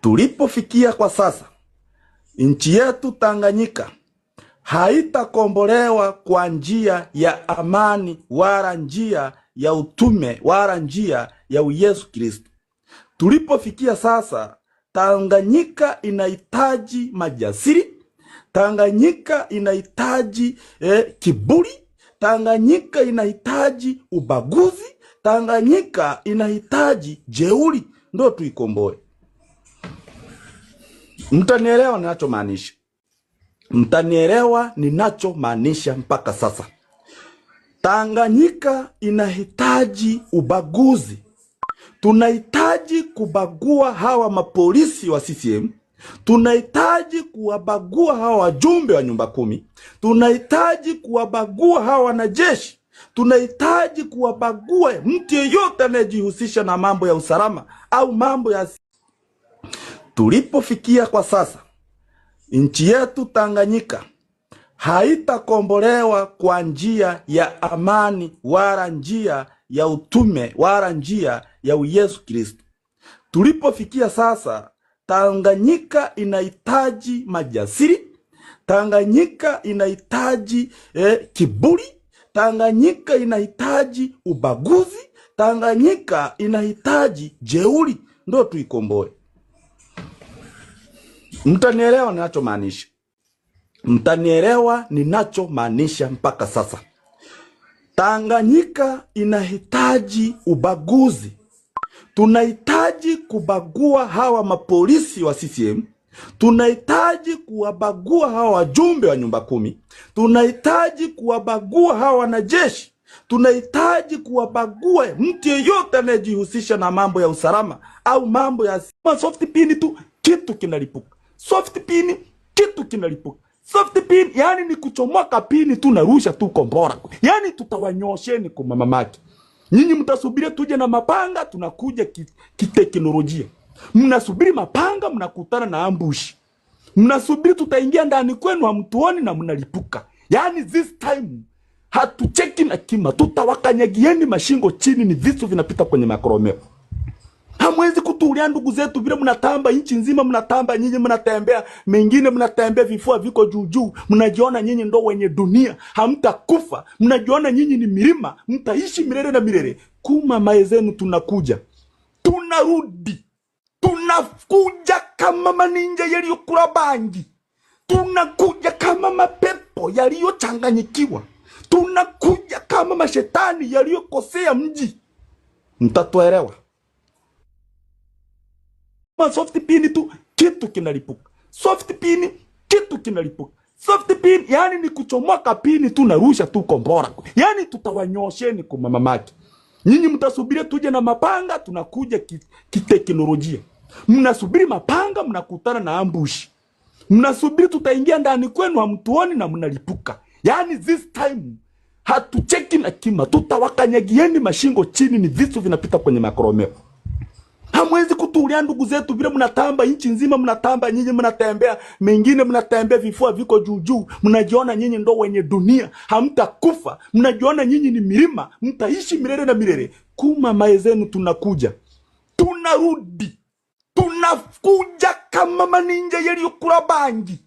Tulipofikia kwa sasa, nchi yetu Tanganyika haitakombolewa kwa njia ya amani wala njia ya utume wala njia ya uyesu Kristo. Tulipofikia sasa, Tanganyika inahitaji majasiri. Tanganyika inahitaji eh, kiburi. Tanganyika inahitaji ubaguzi. Tanganyika inahitaji jeuri, ndo tuikomboe. Mtanielewa ninachomaanisha, mtanielewa ninachomaanisha. Mpaka sasa Tanganyika inahitaji ubaguzi, tunahitaji kubagua hawa mapolisi wa CCM tunahitaji kuwabagua hawa wajumbe wa nyumba kumi, tunahitaji kuwabagua hawa wanajeshi, tunahitaji kuwabagua mtu yeyote anayejihusisha na mambo ya usalama au mambo ya Tulipofikia kwa sasa, nchi yetu Tanganyika haitakombolewa kwa njia ya amani wala njia ya utume wala njia ya uyesu Kristo. Tulipofikia sasa, Tanganyika inahitaji majasiri. Tanganyika inahitaji eh, kiburi. Tanganyika inahitaji ubaguzi. Tanganyika inahitaji jeuri, ndo tuikomboe. Mtanielewa ninachomaanisha, mtanielewa ninachomaanisha. Mpaka sasa Tanganyika inahitaji ubaguzi, tunahitaji kubagua hawa mapolisi wa CCM tunahitaji kuwabagua hawa wajumbe wa nyumba kumi, tunahitaji kuwabagua hawa wanajeshi, tunahitaji kuwabagua mtu yeyote anayejihusisha na mambo ya usalama au mambo ya soft pini tu, kitu kinalipuka soft pin, kitu kinalipuka. Soft pin yani ni kuchomoka pini tu na rusha tu kombora. Yani tutawanyosheni kwa mama yake. Nyinyi mtasubiria tuje na mapanga, tunakuja kiteknolojia. Ki mnasubiri mapanga, mnakutana na ambush. Mnasubiri tutaingia ndani kwenu, hamtuoni na mnalipuka. Yani this time hatucheki na kima, tutawakanyagieni mashingo chini, ni visu vinapita kwenye makoromeo. Hamwezi kutulia ndugu zetu, vile mnatamba nchi nzima, mnatamba nyinyi, mnatembea mengine, mnatembea vifua viko juujuu, mnajiona nyinyi ndo wenye dunia, hamtakufa, mnajiona nyinyi ni milima, mtaishi milele na milele. Kuma mae zenu tunakuja, tunarudi, tunakuja kama maninja yaliyokula bangi, tunakuja kama mapepo yaliyochanganyikiwa, tunakuja kama mashetani yaliyokosea mji. Mtatuelewa. Ma soft pin tu kitu kinalipuka, soft pin kitu kinalipuka soft pin, yani ni kuchomoka pin tu, na rusha tu kombora, yani tutawanyosheni kwa mama maki. Nyinyi mtasubiri tuje na mapanga, tunakuja kiteknolojia. Ki mnasubiri mapanga, mnakutana na ambush. mnasubiri tutaingia ndani kwenu, hamtuoni na mnalipuka. Yani this time hatucheki na kima, tutawakanyagieni mashingo chini, ni visu vinapita kwenye makoromeo mnatulia ndugu zetu, vile mnatamba nchi nzima, mnatamba nyinyi, mnatembea mengine, mnatembea vifua viko juu juu, mnajiona nyinyi ndo wenye dunia, hamtakufa, mnajiona nyinyi ni milima, mtaishi milele na milele. Kuma mae zenu tunakuja, tunarudi, tunakuja kama maninja yaliyokula bangi,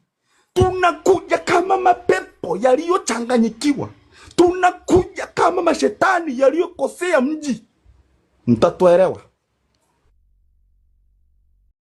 tunakuja kama mapepo yaliyochanganyikiwa, tunakuja kama mashetani yaliyokosea mji. Mtatuelewa.